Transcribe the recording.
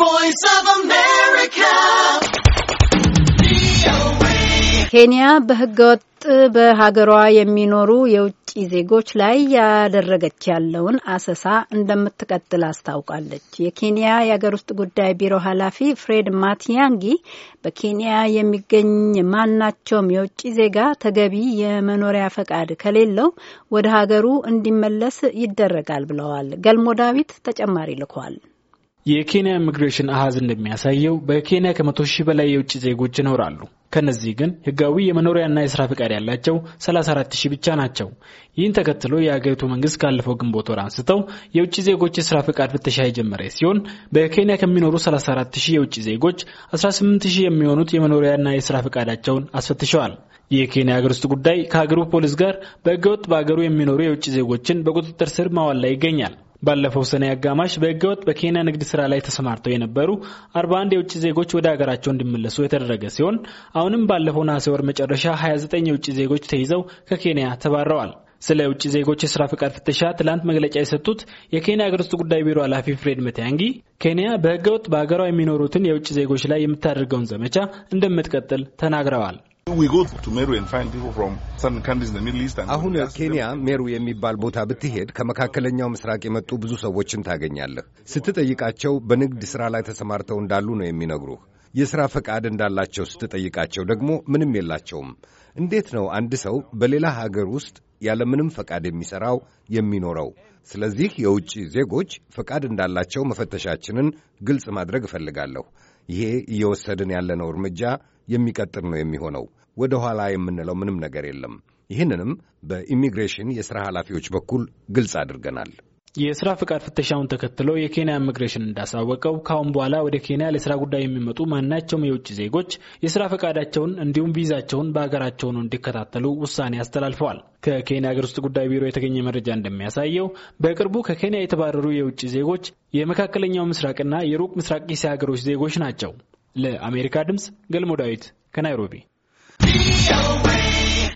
voice of America. ኬንያ በህገወጥ በሀገሯ የሚኖሩ የውጭ ዜጎች ላይ ያደረገች ያለውን አሰሳ እንደምትቀጥል አስታውቃለች። የኬንያ የሀገር ውስጥ ጉዳይ ቢሮ ኃላፊ ፍሬድ ማቲያንጊ በኬንያ የሚገኝ ማናቸውም የውጭ ዜጋ ተገቢ የመኖሪያ ፈቃድ ከሌለው ወደ ሀገሩ እንዲመለስ ይደረጋል ብለዋል። ገልሞ ዳዊት ተጨማሪ ልኳል። የኬንያ ኢሚግሬሽን አሃዝ እንደሚያሳየው በኬንያ ከመቶ ሺህ በላይ የውጭ ዜጎች ይኖራሉ። ከነዚህ ግን ህጋዊ የመኖሪያና የስራ ፈቃድ ያላቸው 34 ሺህ ብቻ ናቸው። ይህን ተከትሎ የአገሪቱ መንግስት ካለፈው ግንቦት ወር አንስተው የውጭ ዜጎች የስራ ፈቃድ ፍተሻ የጀመረ ሲሆን በኬንያ ከሚኖሩ 34 ሺህ የውጭ ዜጎች 18 ሺህ የሚሆኑት የመኖሪያና የስራ ፈቃዳቸውን አስፈትሸዋል። የኬንያ ሀገር ውስጥ ጉዳይ ከሀገሩ ፖሊስ ጋር በህገወጥ በሀገሩ የሚኖሩ የውጭ ዜጎችን በቁጥጥር ስር ማዋል ላይ ይገኛል። ባለፈው ሰኔ አጋማሽ በህገወጥ በኬንያ ንግድ ስራ ላይ ተሰማርተው የነበሩ 41 የውጭ ዜጎች ወደ ሀገራቸው እንዲመለሱ የተደረገ ሲሆን አሁንም ባለፈው ነሐሴ ወር መጨረሻ 29 የውጭ ዜጎች ተይዘው ከኬንያ ተባረዋል። ስለ ውጭ ዜጎች የስራ ፍቃድ ፍተሻ ትላንት መግለጫ የሰጡት የኬንያ አገር ውስጥ ጉዳይ ቢሮ ኃላፊ ፍሬድ መቲያንጊ ኬንያ በህገወጥ በሀገሯ የሚኖሩትን የውጭ ዜጎች ላይ የምታደርገውን ዘመቻ እንደምትቀጥል ተናግረዋል። አሁን ኬንያ ሜሩ የሚባል ቦታ ብትሄድ ከመካከለኛው ምስራቅ የመጡ ብዙ ሰዎችን ታገኛለህ። ስትጠይቃቸው በንግድ ሥራ ላይ ተሰማርተው እንዳሉ ነው የሚነግሩህ። የሥራ ፈቃድ እንዳላቸው ስትጠይቃቸው ደግሞ ምንም የላቸውም። እንዴት ነው አንድ ሰው በሌላ ሀገር ውስጥ ያለምንም ፈቃድ የሚሠራው የሚኖረው? ስለዚህ የውጭ ዜጎች ፈቃድ እንዳላቸው መፈተሻችንን ግልጽ ማድረግ እፈልጋለሁ። ይሄ እየወሰድን ያለነው እርምጃ የሚቀጥል ነው የሚሆነው። ወደ ኋላ የምንለው ምንም ነገር የለም። ይህንንም በኢሚግሬሽን የሥራ ኃላፊዎች በኩል ግልጽ አድርገናል። የስራ ፍቃድ ፍተሻውን ተከትሎ የኬንያ ኢሚግሬሽን እንዳሳወቀው ከአሁን በኋላ ወደ ኬንያ ለስራ ጉዳይ የሚመጡ ማናቸውም የውጭ ዜጎች የስራ ፈቃዳቸውን እንዲሁም ቪዛቸውን በሀገራቸው ነው እንዲከታተሉ ውሳኔ አስተላልፈዋል። ከኬንያ ሀገር ውስጥ ጉዳይ ቢሮ የተገኘ መረጃ እንደሚያሳየው በቅርቡ ከኬንያ የተባረሩ የውጭ ዜጎች የመካከለኛው ምስራቅና የሩቅ ምስራቅ እስያ ሀገሮች ዜጎች ናቸው። ለአሜሪካ ድምፅ ገልሞ ዳዊት ከናይሮቢ Be